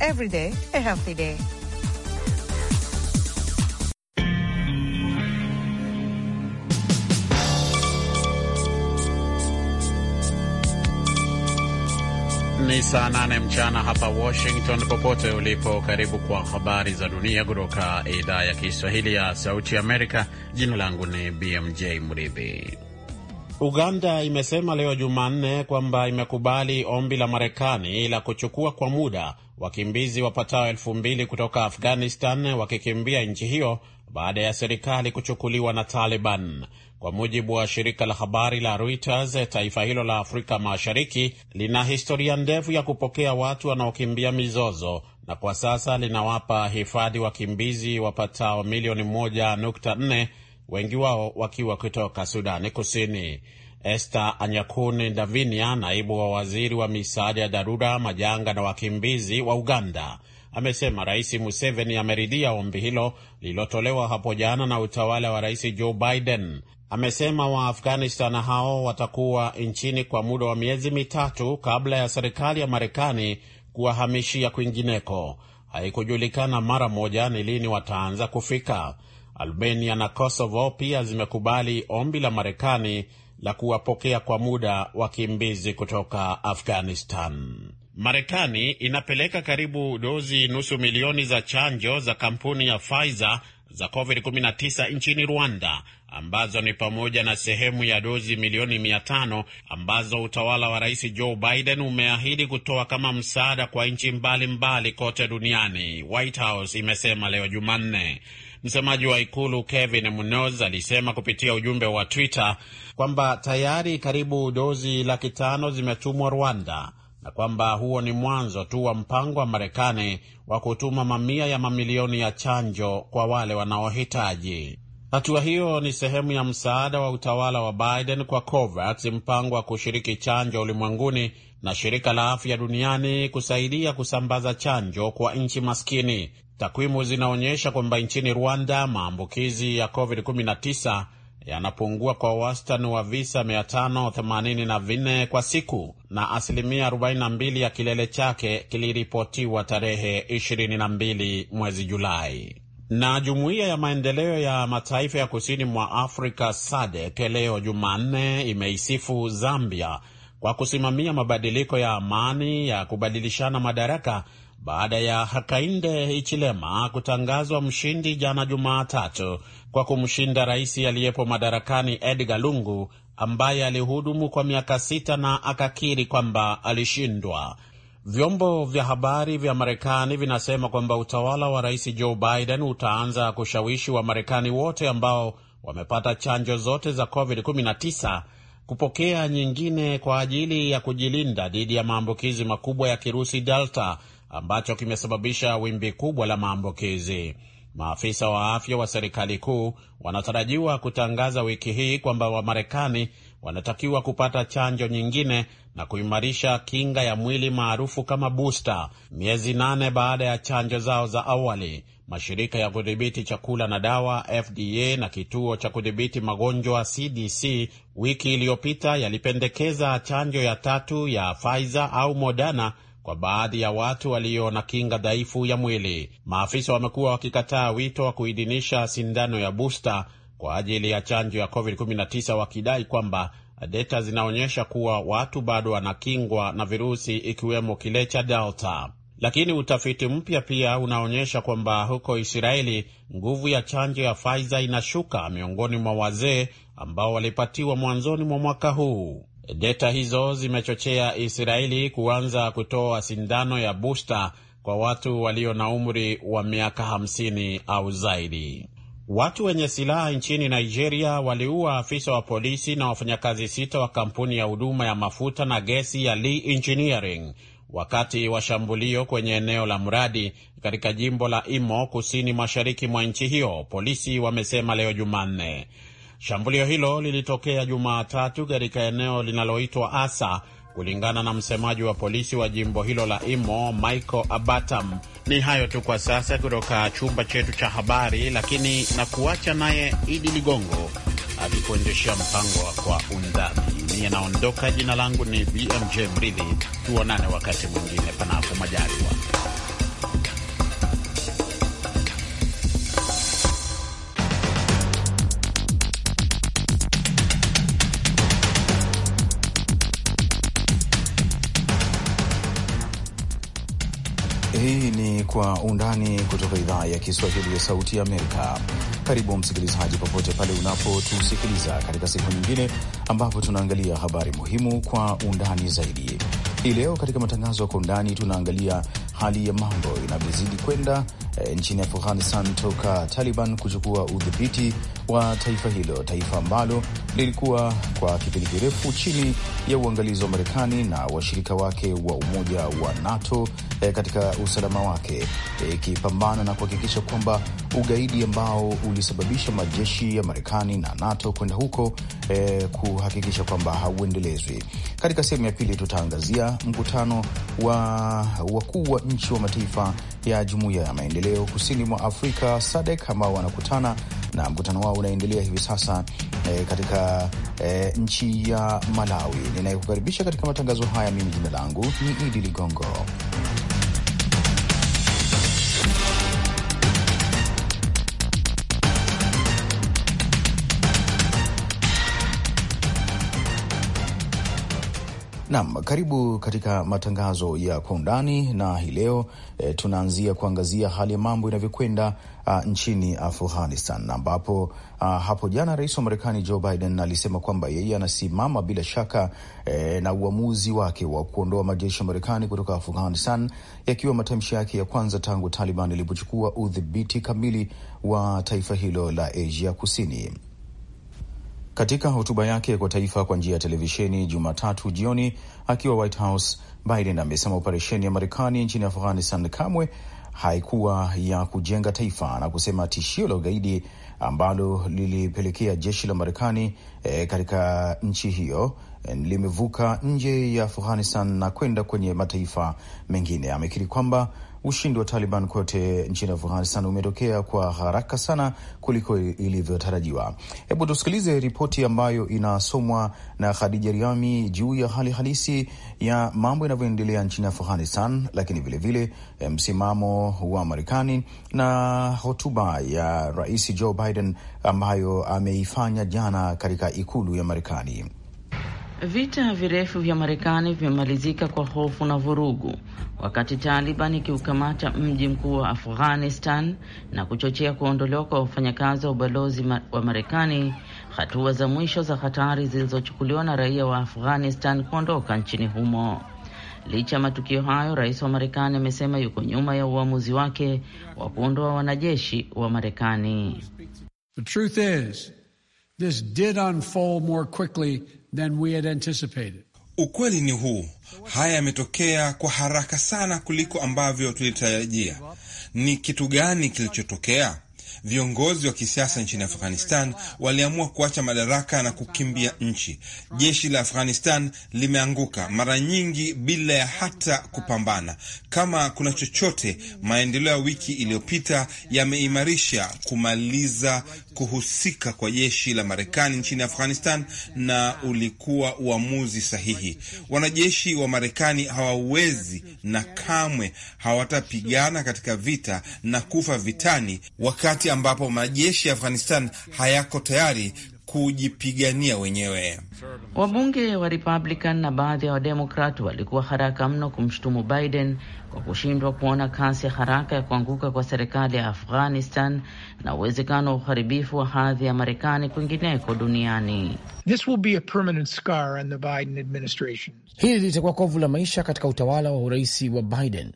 Every day, a healthy day. Ni saa nane mchana hapa Washington. Popote ulipo, karibu kwa habari za dunia kutoka idhaa ya Kiswahili ya Sauti Amerika. Jina langu ni BMJ Mridhi. Uganda imesema leo Jumanne kwamba imekubali ombi la Marekani la kuchukua kwa muda wakimbizi wapatao elfu mbili kutoka Afghanistan wakikimbia nchi hiyo baada ya serikali kuchukuliwa na Taliban. Kwa mujibu wa shirika la habari la Reuters, taifa hilo la Afrika Mashariki lina historia ndefu ya kupokea watu wanaokimbia mizozo na kwa sasa linawapa hifadhi wakimbizi wapatao milioni 1.4, wengi wao wakiwa kutoka Sudani Kusini. Esther Anyakuni Davinia, naibu wa waziri wa misaada ya dharura, majanga na wakimbizi wa Uganda, amesema Rais Museveni ameridhia ombi hilo lililotolewa hapo jana na utawala wa Rais Joe Biden. Amesema Waafghanistan hao watakuwa nchini kwa muda wa miezi mitatu kabla ya serikali ya Marekani kuwahamishia kwingineko. Haikujulikana mara moja ni lini wataanza kufika. Albania na Kosovo pia zimekubali ombi la Marekani la kuwapokea kwa muda wakimbizi kutoka Afghanistan. Marekani inapeleka karibu dozi nusu milioni za chanjo za kampuni ya Pfizer za COVID-19 nchini Rwanda ambazo ni pamoja na sehemu ya dozi milioni mia tano ambazo utawala wa Rais Joe Biden umeahidi kutoa kama msaada kwa nchi mbalimbali kote duniani, White House imesema leo Jumanne. Msemaji wa ikulu Kevin Munoz alisema kupitia ujumbe wa Twitter kwamba tayari karibu dozi laki tano zimetumwa Rwanda na kwamba huo ni mwanzo tu wa mpango wa Marekani wa kutuma mamia ya mamilioni ya chanjo kwa wale wanaohitaji. Hatua hiyo ni sehemu ya msaada wa utawala wa Biden kwa COVAX, mpango wa kushiriki chanjo ulimwenguni na shirika la afya duniani kusaidia kusambaza chanjo kwa nchi maskini. Takwimu zinaonyesha kwamba nchini Rwanda maambukizi ya COVID-19 yanapungua kwa wastani wa visa 584 kwa siku na asilimia 42 ya kilele chake kiliripotiwa tarehe 22 mwezi Julai. Na jumuiya ya maendeleo ya mataifa ya kusini mwa Afrika SADC leo Jumanne imeisifu Zambia kwa kusimamia mabadiliko ya amani ya kubadilishana madaraka baada ya Hakainde Hichilema kutangazwa mshindi jana Jumatatu kwa kumshinda rais aliyepo madarakani Edgar Lungu ambaye alihudumu kwa miaka sita na akakiri kwamba alishindwa. Vyombo vya habari vya Marekani vinasema kwamba utawala wa rais Joe Biden utaanza kushawishi Wamarekani wote ambao wamepata chanjo zote za COVID-19 kupokea nyingine kwa ajili ya kujilinda dhidi ya maambukizi makubwa ya kirusi Delta ambacho kimesababisha wimbi kubwa la maambukizi. Maafisa wa afya wa serikali kuu wanatarajiwa kutangaza wiki hii kwamba Wamarekani wanatakiwa kupata chanjo nyingine na kuimarisha kinga ya mwili maarufu kama busta, miezi nane baada ya chanjo zao za awali. Mashirika ya kudhibiti chakula na dawa FDA na kituo cha kudhibiti magonjwa CDC wiki iliyopita yalipendekeza chanjo ya tatu ya Pfizer au Moderna kwa baadhi ya watu walio na kinga dhaifu ya mwili. Maafisa wamekuwa wakikataa wito wa kuidhinisha sindano ya busta kwa ajili ya chanjo ya COVID-19 wakidai kwamba data zinaonyesha kuwa watu bado wanakingwa na virusi ikiwemo kile cha Delta. Lakini utafiti mpya pia unaonyesha kwamba huko Israeli nguvu ya chanjo ya Pfizer inashuka miongoni mwa wazee ambao walipatiwa mwanzoni mwa mwaka huu. Deta hizo zimechochea Israeli kuanza kutoa sindano ya busta kwa watu walio na umri wa miaka 50 au zaidi. Watu wenye silaha nchini Nigeria waliua afisa wa polisi na wafanyakazi sita wa kampuni ya huduma ya mafuta na gesi ya Lee Engineering wakati wa shambulio kwenye eneo la mradi katika jimbo la Imo kusini mashariki mwa nchi hiyo, polisi wamesema leo Jumanne. Shambulio hilo lilitokea Jumatatu katika eneo linaloitwa Asa, kulingana na msemaji wa polisi wa jimbo hilo la Imo, Michael Abatam. Ni hayo tu kwa sasa kutoka chumba chetu cha habari, lakini na kuacha naye Idi Ligongo akikuendeshea mpango wa kwa undani. Niye naondoka, jina langu ni BMJ Mridhi. Tuonane wakati mwingine, panapo majaliwa. Kwa Undani kutoka idhaa ya Kiswahili ya Sauti ya Amerika. Karibu msikilizaji, popote pale unapotusikiliza katika siku nyingine ambapo tunaangalia habari muhimu kwa undani zaidi. Hii leo katika matangazo ya Kwa Undani tunaangalia hali ya mambo inavyozidi kwenda Eh, nchini Afghanistan toka Taliban kuchukua udhibiti wa taifa hilo, taifa ambalo lilikuwa kwa kipindi kirefu chini ya uangalizi wa Marekani na washirika wake wa Umoja wa NATO eh, katika usalama wake eh, ikipambana eh, na kuhakikisha kwamba ugaidi ambao ulisababisha majeshi ya Marekani na NATO kwenda huko eh, kuhakikisha kwamba hauendelezwi. Katika sehemu ya pili tutaangazia mkutano wa wakuu wa nchi wa mataifa ya Jumuiya ya Maendeleo Kusini mwa Afrika SADC ambao wanakutana na mkutano wao unaendelea hivi sasa e, katika e, nchi ya Malawi. Ninayekukaribisha katika matangazo haya, mimi jina langu ni Idi Ligongo. Naam, karibu katika matangazo ya kwa undani na hii leo e, tunaanzia kuangazia hali ya mambo inavyokwenda nchini Afghanistan ambapo hapo jana rais wa Marekani Joe Biden alisema kwamba yeye anasimama bila shaka e, na uamuzi wake wa kuondoa majeshi ya Marekani kutoka Afghanistan, yakiwa matamshi yake ya kwanza tangu Taliban ilipochukua udhibiti kamili wa taifa hilo la Asia Kusini. Katika hotuba yake kwa taifa kwa njia ya televisheni Jumatatu jioni akiwa White House, Biden amesema operesheni ya Marekani nchini Afghanistan kamwe haikuwa ya kujenga taifa na kusema tishio la ugaidi ambalo lilipelekea jeshi la Marekani e, katika nchi hiyo e, limevuka nje ya Afghanistan na kwenda kwenye mataifa mengine. Amekiri kwamba Ushindi wa Taliban kote nchini Afghanistan umetokea kwa haraka sana kuliko ilivyotarajiwa. Hebu tusikilize ripoti ambayo inasomwa na Khadija Riami juu ya hali halisi ya mambo yanavyoendelea nchini Afghanistan, lakini vilevile eh, msimamo wa Marekani na hotuba ya Rais Joe Biden ambayo ameifanya jana katika ikulu ya Marekani. Vita virefu vya Marekani vimemalizika kwa hofu na vurugu wakati Taliban ikiukamata mji mkuu wa Afghanistan na kuchochea kuondolewa kwa wafanyakazi wa ubalozi wa Marekani, hatua za mwisho za hatari zilizochukuliwa na raia wa Afghanistan kuondoka nchini humo. Licha ya matukio hayo, rais wa Marekani amesema yuko nyuma ya uamuzi wake wa kuondoa wanajeshi wa Marekani. The truth is, this did unfold more quickly than we had anticipated. Ukweli ni huu, haya yametokea kwa haraka sana kuliko ambavyo tulitarajia. Ni kitu gani kilichotokea? Viongozi wa kisiasa nchini Afghanistan waliamua kuacha madaraka na kukimbia nchi. Jeshi la Afghanistan limeanguka mara nyingi bila ya hata kupambana. Kama kuna chochote, maendeleo ya wiki iliyopita yameimarisha kumaliza kuhusika kwa jeshi la Marekani nchini Afghanistan, na ulikuwa uamuzi sahihi. Wanajeshi wa Marekani hawawezi na kamwe hawatapigana katika vita na kufa vitani wakati wakati ambapo majeshi ya Afghanistan hayako tayari kujipigania wenyewe. Wabunge wa Republican na baadhi ya Wademokrat walikuwa haraka mno kumshutumu Biden kwa kushindwa kuona kasi ya haraka ya kuanguka kwa serikali ya Afghanistan na uwezekano wa uharibifu wa hadhi ya Marekani kwingineko duniani. Hili litakuwa kovu la maisha katika utawala wa urais wa Biden.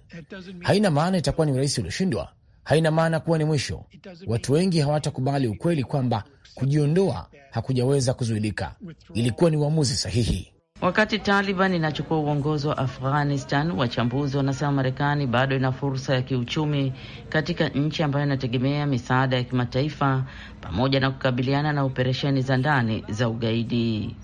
Haina maana itakuwa ni urais ulioshindwa, haina maana kuwa ni mwisho. Watu wengi hawatakubali ukweli kwamba kujiondoa hakujaweza kuzuilika. Ilikuwa ni uamuzi sahihi. Wakati Taliban inachukua uongozi wa Afghanistan, wachambuzi wanasema Marekani bado ina fursa ya kiuchumi katika nchi ambayo inategemea misaada ya kimataifa pamoja na kukabiliana na operesheni za ndani za ugaidi.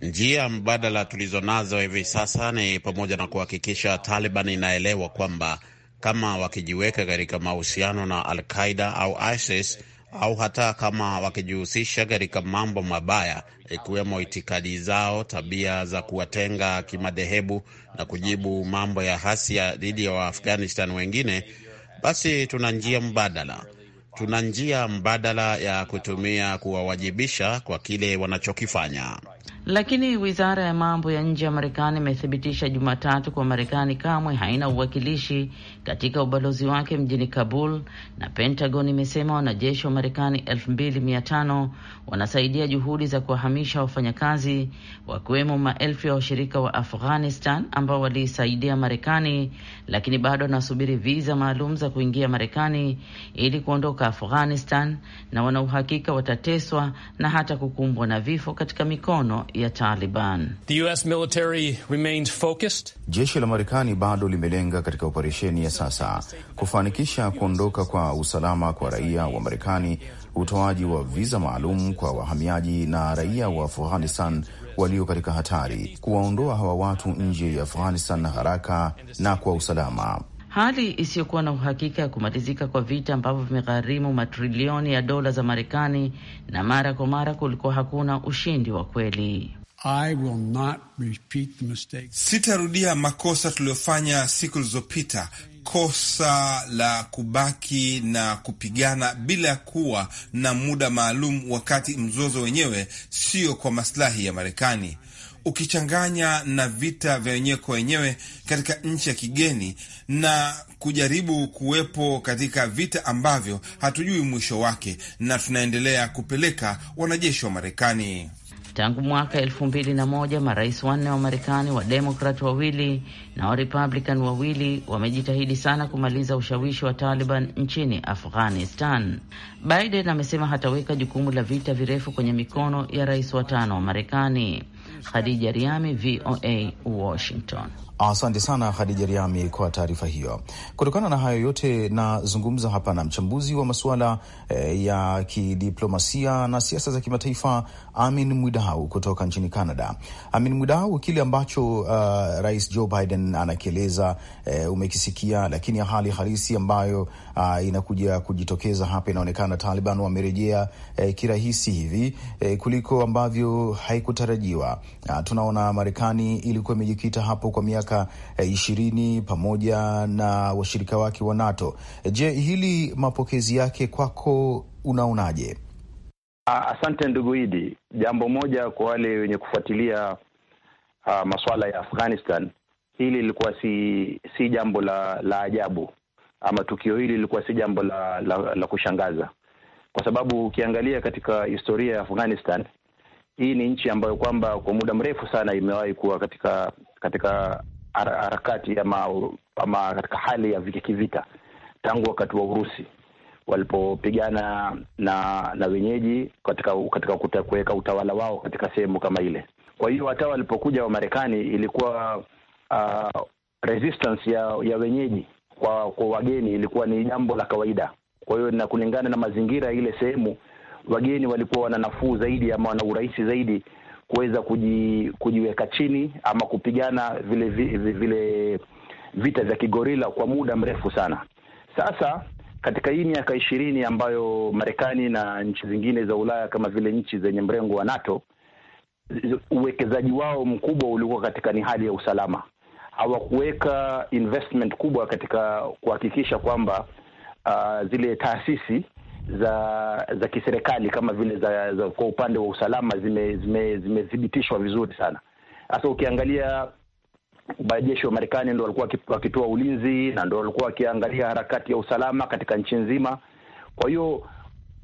Njia mbadala tulizo nazo hivi sasa ni pamoja na kuhakikisha Taliban inaelewa kwamba kama wakijiweka katika mahusiano na Al-Qaida au ISIS au hata kama wakijihusisha katika mambo mabaya ikiwemo itikadi zao, tabia za kuwatenga kimadhehebu na kujibu mambo ya hasia dhidi ya Waafghanistan wengine, basi tuna njia mbadala, tuna njia mbadala ya kutumia kuwawajibisha kwa kile wanachokifanya. Lakini wizara ya mambo ya nje ya Marekani imethibitisha Jumatatu kuwa Marekani kamwe haina uwakilishi katika ubalozi wake mjini Kabul, na Pentagon imesema wanajeshi wa Marekani 2500 wanasaidia juhudi za kuwahamisha wafanyakazi, wakiwemo maelfu ya washirika wa Afghanistan ambao waliisaidia Marekani, lakini bado wanasubiri viza maalum za kuingia Marekani ili kuondoka Afghanistan, na wana uhakika watateswa na hata kukumbwa na vifo katika mikono ya Taliban. The US military remains focused. Jeshi la Marekani bado limelenga katika operesheni ya sasa kufanikisha kuondoka kwa usalama kwa raia wa Marekani, utoaji wa viza maalum kwa wahamiaji na raia wa Afghanistan walio katika hatari, kuwaondoa hawa watu nje ya Afghanistan haraka na kwa usalama. Hali isiyokuwa na uhakika ya kumalizika kwa vita ambavyo vimegharimu matrilioni ya dola za Marekani na mara kwa mara kulikuwa hakuna ushindi wa kweli. I will not repeat the mistake. Sitarudia makosa tuliyofanya siku zilizopita kosa la kubaki na kupigana bila ya kuwa na muda maalum, wakati mzozo wenyewe sio kwa maslahi ya Marekani. Ukichanganya na vita vya wenyewe kwa wenyewe katika nchi ya kigeni na kujaribu kuwepo katika vita ambavyo hatujui mwisho wake, na tunaendelea kupeleka wanajeshi wa Marekani. Tangu mwaka elfu mbili na moja marais wanne wa Marekani wa Demokrat wawili na wa Republican wawili wamejitahidi sana kumaliza ushawishi wa Taliban nchini Afghanistan. Biden amesema hataweka jukumu la vita virefu kwenye mikono ya rais wa tano wa Marekani. Khadija Riami, VOA, Washington. Asante sana Khadija Riami kwa taarifa hiyo. Kutokana na hayo yote, nazungumza hapa na mchambuzi wa masuala eh, ya kidiplomasia na siasa za kimataifa Amin Mwidau kutoka nchini Canada. Amin Mwidau, kile ambacho uh, Rais Joe Biden anakieleza eh, umekisikia, lakini hali halisi ambayo uh, inakuja kujitokeza hapa inaonekana Taliban wamerejea eh, kirahisi hivi eh, kuliko ambavyo haikutarajiwa. Uh, tunaona Marekani ilikuwa imejikita hapo kwa miaka miaka eh, ishirini pamoja na washirika wake wa NATO. Je, hili mapokezi yake kwako unaonaje? Ah, asante ndugu Idi. Jambo moja kwa wale wenye kufuatilia uh, ah, masuala ya Afghanistan, hili lilikuwa si si jambo la la ajabu ama tukio hili lilikuwa si jambo la, la, la kushangaza kwa sababu ukiangalia katika historia ya Afghanistan, hii ni nchi ambayo kwamba kwa muda mrefu sana imewahi kuwa katika katika harakati ama, ama katika hali ya vita kivita tangu wakati wa Urusi walipopigana na na wenyeji katika katika kuweka utawala wao katika sehemu kama ile. Kwa hiyo hata walipokuja Wamarekani ilikuwa uh, resistance ya ya wenyeji kwa kwa wageni ilikuwa ni jambo la kawaida. Kwa hiyo na kulingana na mazingira ya ile sehemu, wageni walikuwa wana nafuu zaidi ama wana urahisi zaidi kuweza kuji, kujiweka chini ama kupigana vile vile, vile vita vya kigorila kwa muda mrefu sana. Sasa katika hii miaka ishirini ambayo Marekani na nchi zingine za Ulaya kama vile nchi zenye mrengo wa NATO uwekezaji wao mkubwa ulikuwa katika ni hali ya usalama. Hawakuweka investment kubwa katika kuhakikisha kwamba uh, zile taasisi za za kiserikali kama vile za, za kwa upande wa usalama zimethibitishwa zime, zime vizuri sana. Sasa ukiangalia wanajeshi wa Marekani ndo walikuwa wakitoa ulinzi na ndo walikuwa wakiangalia harakati ya usalama katika nchi nzima. Kwa hiyo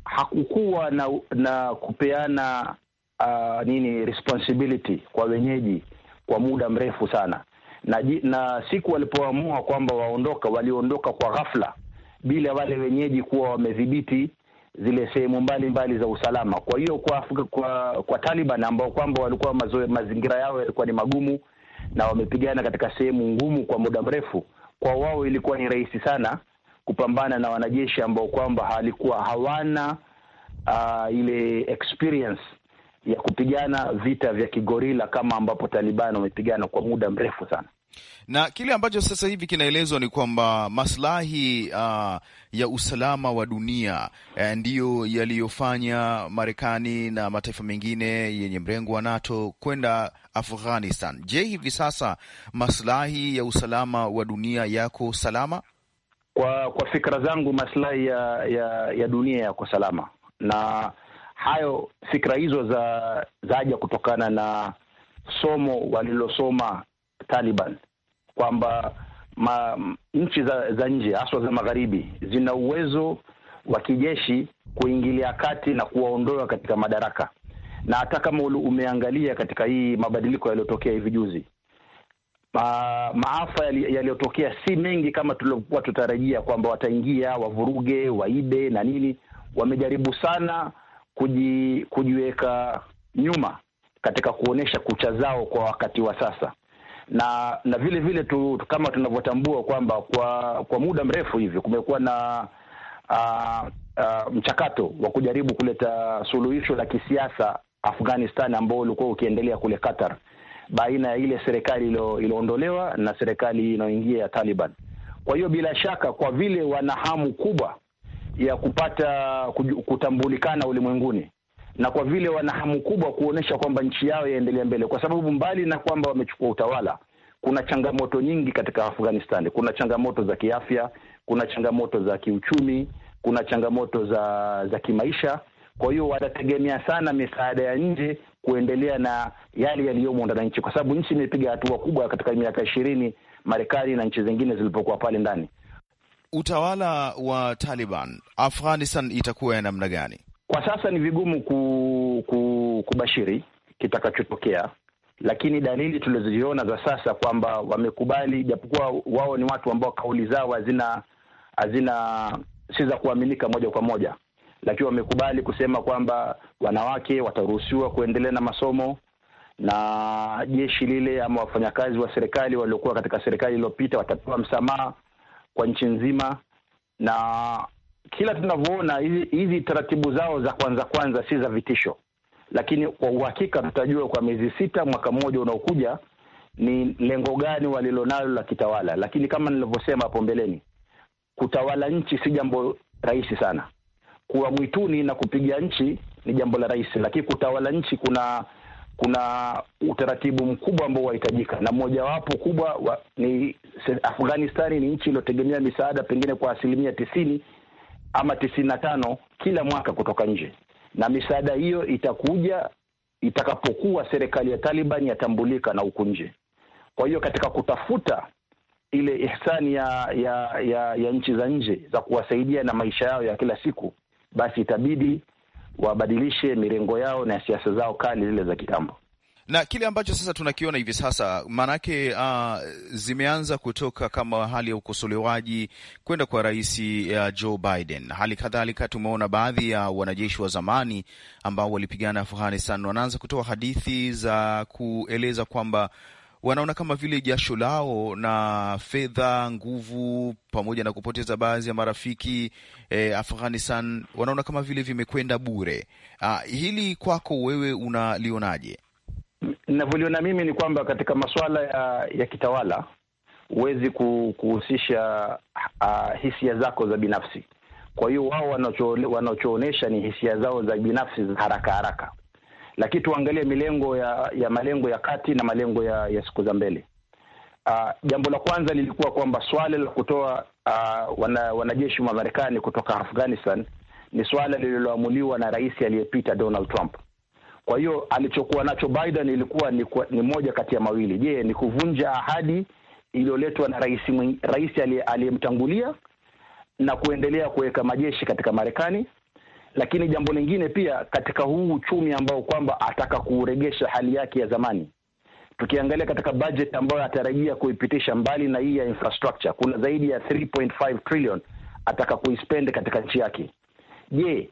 hakukuwa na, na kupeana uh, nini responsibility kwa wenyeji kwa muda mrefu sana na, na siku walipoamua kwamba waondoka, waliondoka kwa ghafla bila wale wenyeji kuwa wamedhibiti zile sehemu mbalimbali za usalama. Kwa hiyo kwa, kwa, kwa Taliban ambao kwamba walikuwa mazoe, mazingira yao yalikuwa ni magumu na wamepigana katika sehemu ngumu kwa muda mrefu, kwa wao ilikuwa ni rahisi sana kupambana na wanajeshi ambao kwamba halikuwa hawana uh, ile experience ya kupigana vita vya kigorila kama ambapo Taliban wamepigana kwa muda mrefu sana na kile ambacho sasa hivi kinaelezwa ni kwamba maslahi uh, ya usalama wa dunia eh, ndiyo yaliyofanya Marekani na mataifa mengine yenye mrengo wa NATO kwenda Afghanistan. Je, hivi sasa maslahi ya usalama wa dunia yako salama? Kwa kwa fikra zangu maslahi ya, ya, ya dunia yako salama, na hayo fikra hizo za zaja kutokana na somo walilosoma Taliban kwamba nchi za, za nje haswa za magharibi zina uwezo wa kijeshi kuingilia kati na kuwaondoa katika madaraka, na hata kama umeangalia katika hii mabadiliko yaliyotokea hivi juzi Ma, maafa yaliyotokea si mengi kama tulivyokuwa tutarajia kwamba wataingia wavuruge, waibe na nini. Wamejaribu sana kuji, kujiweka nyuma katika kuonyesha kucha zao kwa wakati wa sasa na na vile vile tu, kama tunavyotambua kwamba kwa kwa muda mrefu hivi kumekuwa na uh, uh, mchakato wa kujaribu kuleta suluhisho la kisiasa Afghanistan ambao ulikuwa ukiendelea kule Qatar baina ya ile serikali iliyoondolewa na serikali inayoingia ya Taliban. Kwa hiyo bila shaka, kwa vile wana hamu kubwa ya kupata kutambulikana ulimwenguni, na kwa vile wana hamu kubwa kuonesha kwamba nchi yao yaendelea mbele, kwa sababu mbali na kwamba wamechukua utawala, kuna changamoto nyingi katika Afghanistan. Kuna changamoto za kiafya, kuna changamoto za kiuchumi, kuna changamoto za za kimaisha. Kwa hiyo watategemea sana misaada ya nje kuendelea na yale yaliyomo ndani ya nchi, kwa sababu nchi imepiga hatua kubwa katika miaka ishirini, Marekani na nchi zingine zilipokuwa pale ndani. Utawala wa Taliban Afghanistan itakuwa ya namna gani? Kwa sasa ni vigumu ku, ku, kubashiri kitakachotokea, lakini dalili tulizoziona za sasa kwamba wamekubali, japokuwa wao ni watu ambao kauli zao hazina hazina si za kuaminika moja kwa moja, lakini wamekubali kusema kwamba wanawake wataruhusiwa kuendelea na masomo na jeshi lile ama wafanyakazi wa serikali waliokuwa katika serikali iliyopita watapewa msamaha kwa nchi nzima, na kila tunavyoona hizi taratibu zao za kwanza kwanza si za vitisho, lakini kwa uhakika tutajua kwa miezi sita, mwaka mmoja unaokuja ni lengo gani walilonalo la kitawala. Lakini kama nilivyosema hapo mbeleni, kutawala nchi si jambo rahisi sana. Kuwa mwituni na kupiga nchi ni jambo la rahisi, lakini kutawala nchi kuna kuna utaratibu mkubwa ambao wahitajika, na mmojawapo kubwa wa, ni Afghanistani ni nchi iliyotegemea misaada pengine kwa asilimia tisini ama tisini na tano kila mwaka kutoka nje, na misaada hiyo itakuja itakapokuwa serikali ya Taliban yatambulika na huku nje. Kwa hiyo katika kutafuta ile ihsani ya ya, ya, ya nchi za nje za kuwasaidia na maisha yao ya kila siku, basi itabidi wabadilishe mirengo yao na siasa zao kali zile za kitambo na kile ambacho sasa tunakiona hivi sasa, maanake uh, zimeanza kutoka kama hali ya ukosolewaji kwenda kwa rais uh, Joe Biden. Hali kadhalika tumeona baadhi ya uh, wanajeshi wa zamani ambao walipigana Afghanistan wanaanza kutoa hadithi za kueleza kwamba wanaona kama vile jasho lao na fedha, nguvu, pamoja na kupoteza baadhi ya marafiki eh, Afghanistan wanaona kama vile vimekwenda bure. Uh, hili kwako wewe unalionaje? ninavyoliona mimi ni kwamba katika masuala ya, ya kitawala huwezi kuhusisha uh, hisia zako za binafsi. Kwa hiyo wao wanachoonyesha ni hisia zao za binafsi za haraka haraka, lakini tuangalie milengo ya, ya malengo ya kati na malengo ya, ya siku za mbele. Uh, jambo la kwanza lilikuwa kwamba swala la kutoa uh, wana, wanajeshi wa Marekani kutoka Afghanistan ni swala lililoamuliwa na rais aliyepita Donald Trump kwa hiyo alichokuwa nacho Biden ilikuwa ni, ni moja kati ya mawili. Je, ni kuvunja ahadi iliyoletwa na rais rais aliyemtangulia na kuendelea kuweka majeshi katika Marekani, lakini jambo lingine pia katika huu uchumi ambao kwamba ataka kuregesha hali yake ya zamani. Tukiangalia katika budget ambayo atarajia kuipitisha, mbali na hii ya infrastructure, kuna zaidi ya 3.5 trillion ataka kuispend katika nchi yake. Je,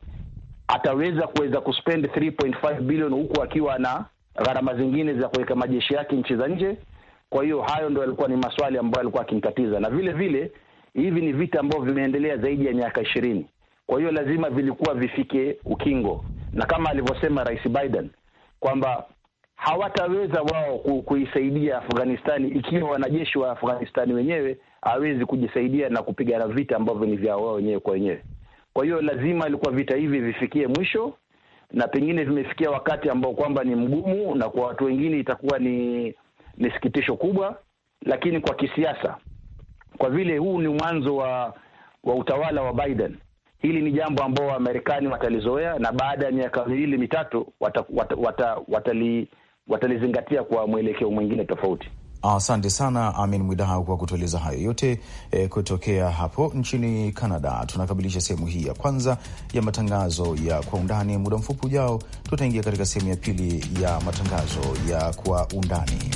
ataweza kuweza kuspend 3.5 billion huku akiwa na gharama zingine za kuweka majeshi yake nchi za nje. Kwa hiyo hayo ndo yalikuwa ni maswali ambayo alikuwa akimtatiza, na vile vile hivi ni vita ambavyo vimeendelea zaidi ya miaka ishirini. Kwa hiyo lazima vilikuwa vifike ukingo, na kama alivyosema Rais Biden kwamba hawataweza wao kuisaidia Afghanistani ikiwa wanajeshi wa Afghanistani wenyewe hawezi kujisaidia na kupigana vita ambavyo ni vya wao wenyewe kwa wenyewe. Kwa hiyo lazima ilikuwa vita hivi vifikie mwisho, na pengine vimefikia wakati ambao kwamba ni mgumu, na kwa watu wengine itakuwa ni, ni sikitisho kubwa, lakini kwa kisiasa, kwa vile huu ni mwanzo wa wa utawala wa Biden, hili ni jambo ambao Wamarekani watalizoea na baada ya miaka miwili mitatu watalizingatia wata, wata, wata, wata, wata, kwa mwelekeo mwingine tofauti. Asante sana Amin Mwidau kwa kutueleza hayo yote e, kutokea hapo nchini Canada. Tunakamilisha sehemu hii ya kwanza ya matangazo ya kwa undani. Muda mfupi ujao, tutaingia katika sehemu ya pili ya matangazo ya kwa undani.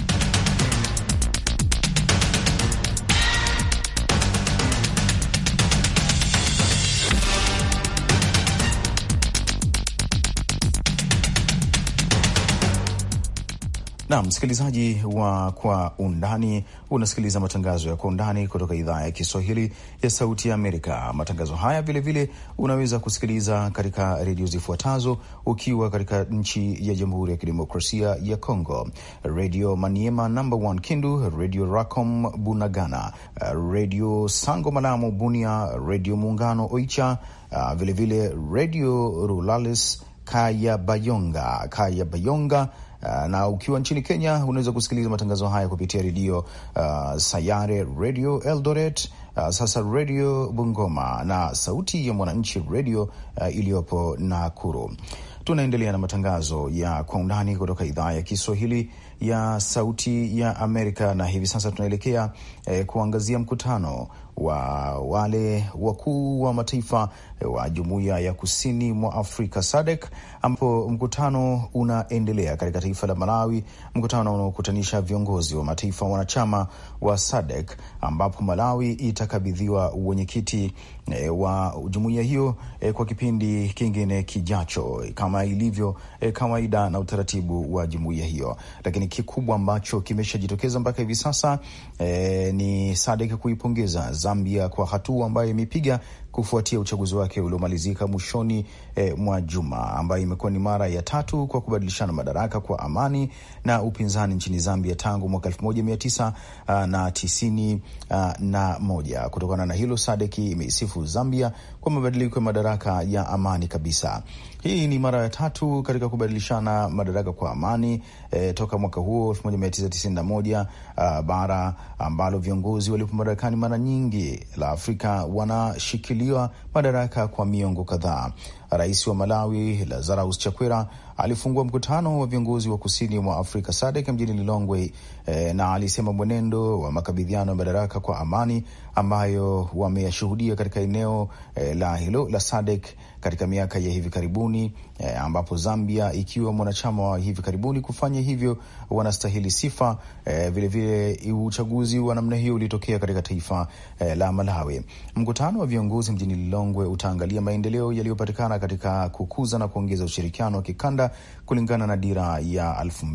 Naam, msikilizaji wa Kwa Undani, unasikiliza matangazo ya Kwa Undani kutoka idhaa ya Kiswahili ya Sauti ya Amerika. Matangazo haya vilevile vile unaweza kusikiliza katika redio zifuatazo ukiwa katika nchi ya Jamhuri ya Kidemokrasia ya Kongo: Redio Maniema namba 1 Kindu, Redio Racom Bunagana, Redio Sango Malamu Bunia, Redio Muungano Oicha, ah, vilevile Redio Rulalis Kaya bayonga Uh, na ukiwa nchini Kenya unaweza kusikiliza matangazo haya kupitia redio uh, Sayare Radio Eldoret, uh, sasa redio Bungoma na sauti ya mwananchi redio uh, iliyopo Nakuru. Tunaendelea na matangazo ya kwa undani kutoka idhaa ya Kiswahili ya Sauti ya Amerika, na hivi sasa tunaelekea eh, kuangazia mkutano wa wale wakuu wa mataifa wa jumuiya ya kusini mwa Afrika SADC ambapo mkutano unaendelea katika taifa la Malawi, mkutano unaokutanisha viongozi wa mataifa wanachama wa SADC ambapo Malawi itakabidhiwa wenyekiti e, wa jumuiya hiyo e, kwa kipindi kingine kijacho kama ilivyo e, kawaida na utaratibu wa jumuiya hiyo, lakini kikubwa ambacho kimeshajitokeza mpaka hivi sasa e, ni sadek kuipongeza Zambia kwa hatua ambayo imepiga kufuatia uchaguzi wake uliomalizika mwishoni e, mwa juma, ambayo imekuwa ni mara ya tatu kwa kubadilishana madaraka kwa amani na upinzani nchini Zambia tangu mwaka elfu moja mia tisa ah, na tisini ah, na moja. Kutokana na hilo, sadek imeisifu Zambia kwa mabadiliko ya madaraka ya amani kabisa. Hii ni mara ya tatu katika kubadilishana madaraka kwa amani e, toka mwaka huo 1991 uh, bara ambalo viongozi waliopo madarakani mara nyingi la Afrika wanashikiliwa madaraka kwa miongo kadhaa. Rais wa Malawi Lazarus Chakwera alifungua mkutano wa viongozi wa kusini mwa Afrika SADC mjini Lilongwe e, na alisema mwenendo wa makabidhiano ya madaraka kwa amani ambayo wameyashuhudia katika eneo e, la hilo la SADC katika miaka ya hivi karibuni e, ambapo Zambia ikiwa mwanachama wa hivi karibuni kufanya hivyo wanastahili sifa. Vilevile e, uchaguzi wa namna hiyo ulitokea katika taifa e, la Malawi. Mkutano wa viongozi mjini Lilongwe utaangalia maendeleo yaliyopatikana katika kukuza na kuongeza ushirikiano wa kikanda kulingana na dira ya elfu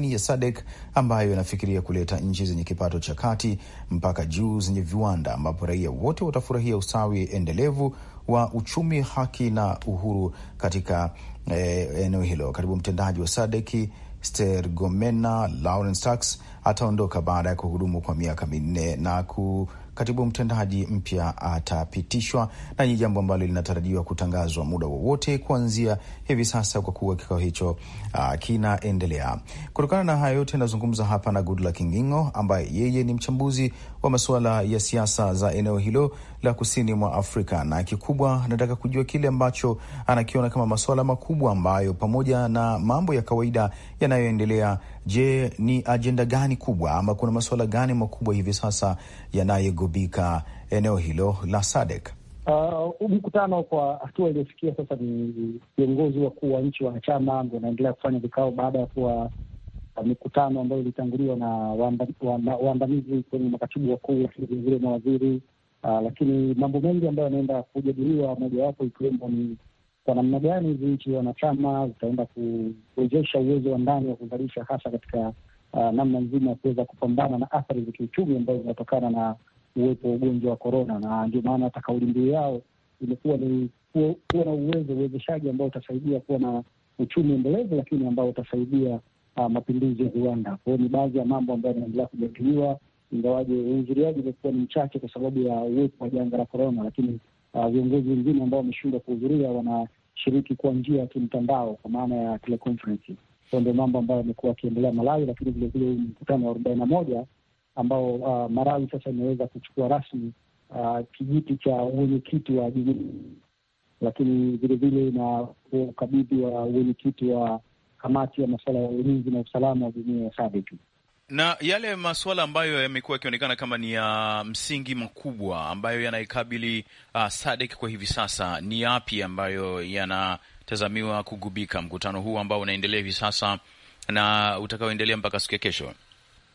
ya SADC ambayo inafikiria kuleta nchi zenye kipato cha kati mpaka juu zenye viwanda ambapo raia wote watafurahia usawi endelevu wa uchumi, haki na uhuru katika eh, eneo eh, hilo. Katibu mtendaji wa SADC Stergomena Lawrence Tax ataondoka baada ya kuhudumu kwa miaka minne na ku katibu mtendaji mpya atapitishwa na ni jambo ambalo linatarajiwa kutangazwa muda wowote kuanzia hivi sasa, kwa kuwa kikao hicho uh, kinaendelea. Kutokana na haya yote, nazungumza hapa na Goodluck Ngingo ambaye yeye ni mchambuzi wa masuala ya siasa za eneo hilo la kusini mwa Afrika, na kikubwa nataka kujua kile ambacho anakiona kama masuala makubwa ambayo pamoja na mambo ya kawaida yanayoendelea. Je, ni ajenda gani kubwa ama kuna masuala gani makubwa hivi sasa yanayogubika eneo hilo la SADC? Uh, mkutano kwa hatua iliyofikia sasa ni viongozi wakuu wa nchi wanachama ndio wanaendelea kufanya vikao baada ya kuwa mikutano ambayo ilitanguliwa na waandamizi kwenye makatibu wakuu, lakini vilevile mawaziri Uh, lakini mambo mengi ambayo yanaenda kujadiliwa, mojawapo ikiwemo ni kwa namna gani hizi nchi wanachama zitaenda kuwezesha uwezo wa ndani wa kuzalisha hasa katika uh, namna nzima ya kuweza kupambana na athari za kiuchumi ambazo zinatokana na uwepo wa ugonjwa wa korona, na ndio maana hata kauli mbiu yao imekuwa ni kuwa na uwezo, uwezeshaji ambao utasaidia kuwa na uchumi endelevu, lakini ambao utasaidia uh, mapinduzi ya viwanda. Kwa hiyo ni baadhi ya mambo ambayo yanaendelea kujadiliwa ingawaje uhudhuriaji umekuwa ni mchache kwa sababu ya uwepo wa janga la korona, lakini uh, viongozi uh, wengine ambao wameshindwa kuhudhuria wanashiriki kwa njia ya kimtandao kwa maana ya teleconference. So ndio mambo ambayo yamekuwa akiendelea Malawi, lakini vilevile huu ni mkutano wa arobaini na moja ambao uh, Malawi sasa imeweza kuchukua rasmi uh, kijiti cha uwenyekiti wa jumuiya, lakini vilevile na ukabidhi wa uwenyekiti wa kamati ya masuala ya ulinzi na usalama wa jumuiya ya SADC na yale masuala ambayo yamekuwa yakionekana kama ni ya msingi mkubwa ambayo yanaikabili uh, SADC kwa hivi sasa ni yapi ambayo yanatazamiwa kugubika mkutano huu ambao unaendelea hivi sasa na utakaoendelea mpaka siku ya kesho?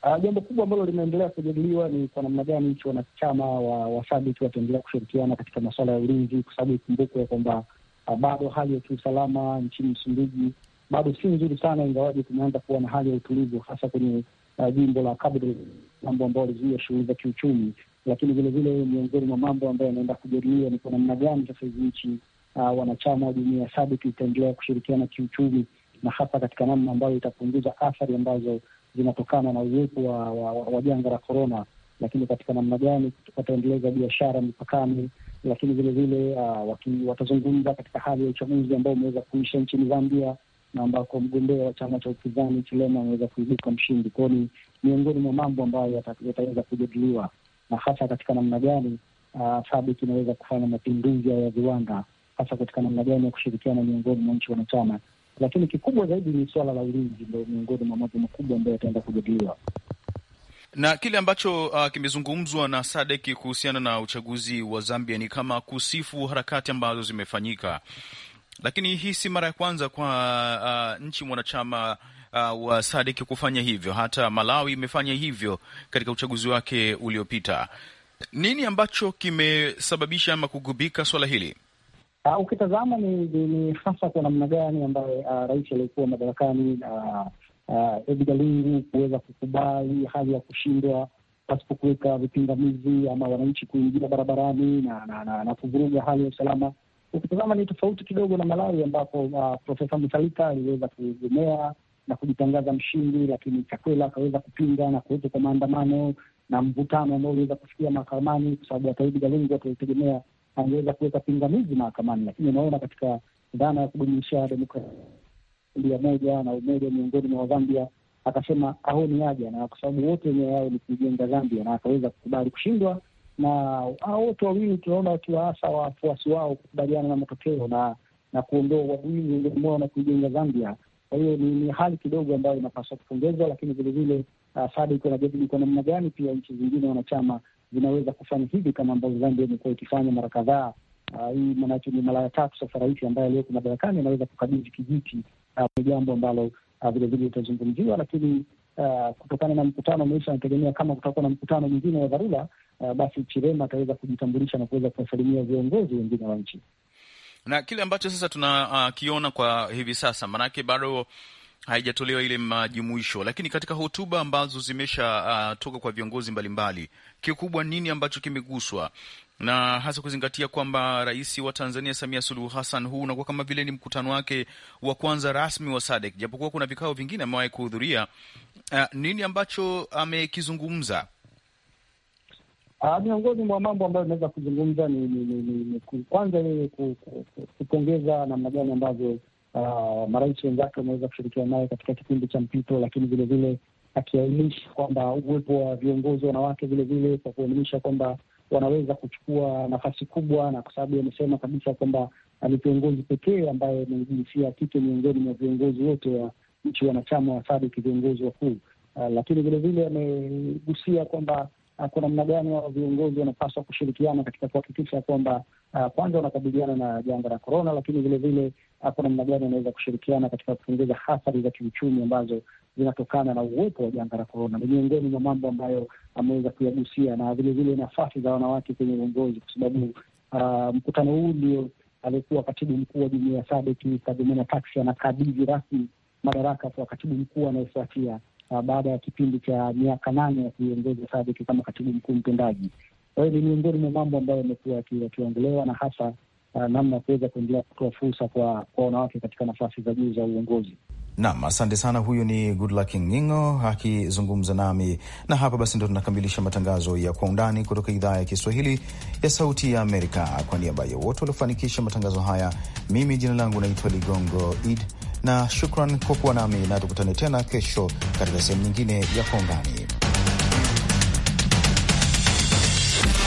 Uh, jambo kubwa ambalo limeendelea kujadiliwa ni kwa namna gani nchi wanachama wa, wa SADC wataendelea kushirikiana katika masuala ya ulinzi, kwa sababu ikumbukwe kwamba uh, bado hali ya kiusalama nchini Msumbiji bado si nzuri sana, ingawaje tumeanza kuwa na hali ya utulivu hasa kwenye uh, jimbo la kabri mambo ambayo alizuia shughuli za kiuchumi. Lakini vilevile miongoni mwa mambo ambayo yanaenda kujadiliwa ni kwa namna gani sasa hizi nchi uh, wanachama wa jumuia ya SADC itaendelea kushirikiana kiuchumi, na hasa katika namna ambayo itapunguza athari ambazo zinatokana na uwepo wa, wa, wa, wa janga la korona, lakini katika namna gani wataendeleza biashara mipakani lakini vilevile uh, ah, watazungumza katika hali ya uchaguzi ambao umeweza kuisha nchini Zambia, na ambako mgombea wa chama cha upinzani Chilema ameweza kuibuka mshindi. Kwao ni miongoni mwa mambo ambayo yataweza kujadiliwa na hasa katika namna gani ah, SADC inaweza kufanya mapinduzi ya viwanda, hasa katika namna gani ya kushirikiana miongoni mwa nchi wanachama. Lakini kikubwa zaidi ni suala la ulinzi, ndo miongoni mwa mambo makubwa ambayo yataenda kujadiliwa na kile ambacho uh, kimezungumzwa na SADC kuhusiana na uchaguzi wa Zambia ni kama kusifu harakati ambazo zimefanyika lakini hii si mara ya kwanza kwa uh, nchi mwanachama uh, wa SADC kufanya hivyo. Hata Malawi imefanya hivyo katika uchaguzi wake uliopita. Nini ambacho kimesababisha ama kugubika swala hili? Uh, ukitazama ni, ni, ni hasa kwa namna gani ambaye uh, rais aliyekuwa madarakani uh, uh, Edgar Lungu kuweza kukubali hali ya kushindwa pasipo kuweka vipingamizi ama wananchi kuingia barabarani na, na, na, na kuvuruga hali ya usalama Ukitazama ni tofauti kidogo na Malawi ambapo uh, Profesa Mutharika aliweza kuegemea na kujitangaza mshindi, lakini Chakwera akaweza kupinga na kuwepo kwa maandamano na mvutano ambao uliweza kufikia mahakamani, kwa sababu wataidi Galungu wataitegemea angeweza kuweka pingamizi mahakamani, lakini unaona katika dhana ya kudumisha demokrasia moja na umoja miongoni mwa Wazambia akasema aoni haja, na kwa sababu wote wenyewe yao ni kuijenga Zambia, na akaweza kukubali kushindwa na hao ah, wote wawili tunaona wakiwa hasa wafuasi wao kukubaliana na matokeo na na kuondoa ubaguzi uliomo na kuijenga Zambia. Kwa hiyo ni, ni hali kidogo ambayo inapaswa kupongezwa, lakini vilevile uh, ah, SADC wanajadili kwa namna gani pia nchi zingine wanachama zinaweza kufanya hivi kama ambavyo Zambia imekuwa ikifanya mara kadhaa. Uh, hii maanake ni mara ya tatu sasa rais ambaye aliyoko madarakani anaweza kukabidhi kijiti, ni uh, jambo ambalo vilevile litazungumziwa, lakini uh, kutokana na mkutano umeisha, anategemea kama kutakuwa na mkutano mwingine wa dharura uh, basi Chirema ataweza kujitambulisha na kuweza kuwasalimia viongozi wengine wa nchi na kile ambacho sasa tunakiona ah, uh, kwa hivi sasa, maanake bado haijatolewa ile majumuisho, lakini katika hotuba ambazo zimesha uh, toka kwa viongozi mbalimbali, kikubwa nini ambacho kimeguswa, na hasa kuzingatia kwamba Rais wa Tanzania Samia Suluhu Hassan, huu unakuwa kama vile ni mkutano wake wa kwanza rasmi wa SADC, japokuwa kuna vikao vingine amewahi kuhudhuria, uh, nini ambacho amekizungumza? Uh, miongoni mwa mambo ambayo inaweza kuzungumza ni, ni, ni, ni, ni kwanza yeye kupongeza namna gani ambavyo uh, marais wenzake wameweza kushirikiana naye katika kipindi cha mpito, lakini vilevile akiainisha kwamba uwepo wa viongozi wanawake vilevile kwa kuelimisha kwamba wanaweza kuchukua nafasi kubwa, na kwa sababu amesema kabisa kwamba ni viongozi pekee ambaye ni jinsia ya kike miongoni mwa viongozi wote wa nchi wanachama wa SADC viongozi wakuu uh, lakini vilevile amegusia kwamba uh, kwa namna gani hao viongozi wanapaswa kushirikiana katika kuhakikisha kwamba uh, kwanza wanakabiliana na janga la korona, lakini vilevile uh, kwa namna gani wanaweza kushirikiana katika kupunguza hathari za kiuchumi ambazo zinatokana na uwepo wa janga la korona. Ni miongoni mwa mambo ambayo ameweza kuyagusia, na vilevile nafasi za wanawake kwenye uongozi, kwa sababu uh, mkutano huu ndio aliyekuwa katibu mkuu wa jumuia ya SADC Tadhimina Tax anakabidhi rasmi madaraka kwa katibu mkuu anayefuatia uh, baada ya kipindi cha miaka nane ya kuiongoza SADC kama katibu mkuu mtendaji. Kwa hiyo ni miongoni mwa mambo ambayo yamekuwa yakiongelewa na hasa uh, namna ya kuweza kuendelea kutoa fursa kwa, kwa wanawake katika nafasi za juu za uongozi. Nam, asante sana. Huyu ni Goodluck Ngingo akizungumza nami, na hapa basi ndo tunakamilisha matangazo ya Kwa Undani kutoka idhaa ya Kiswahili ya Sauti ya Amerika. Kwa niaba ya wote waliofanikisha matangazo haya, mimi jina langu naitwa Ligongo Id na shukran kwa kuwa nami, na tukutane tena kesho katika sehemu nyingine ya Kwa Undani.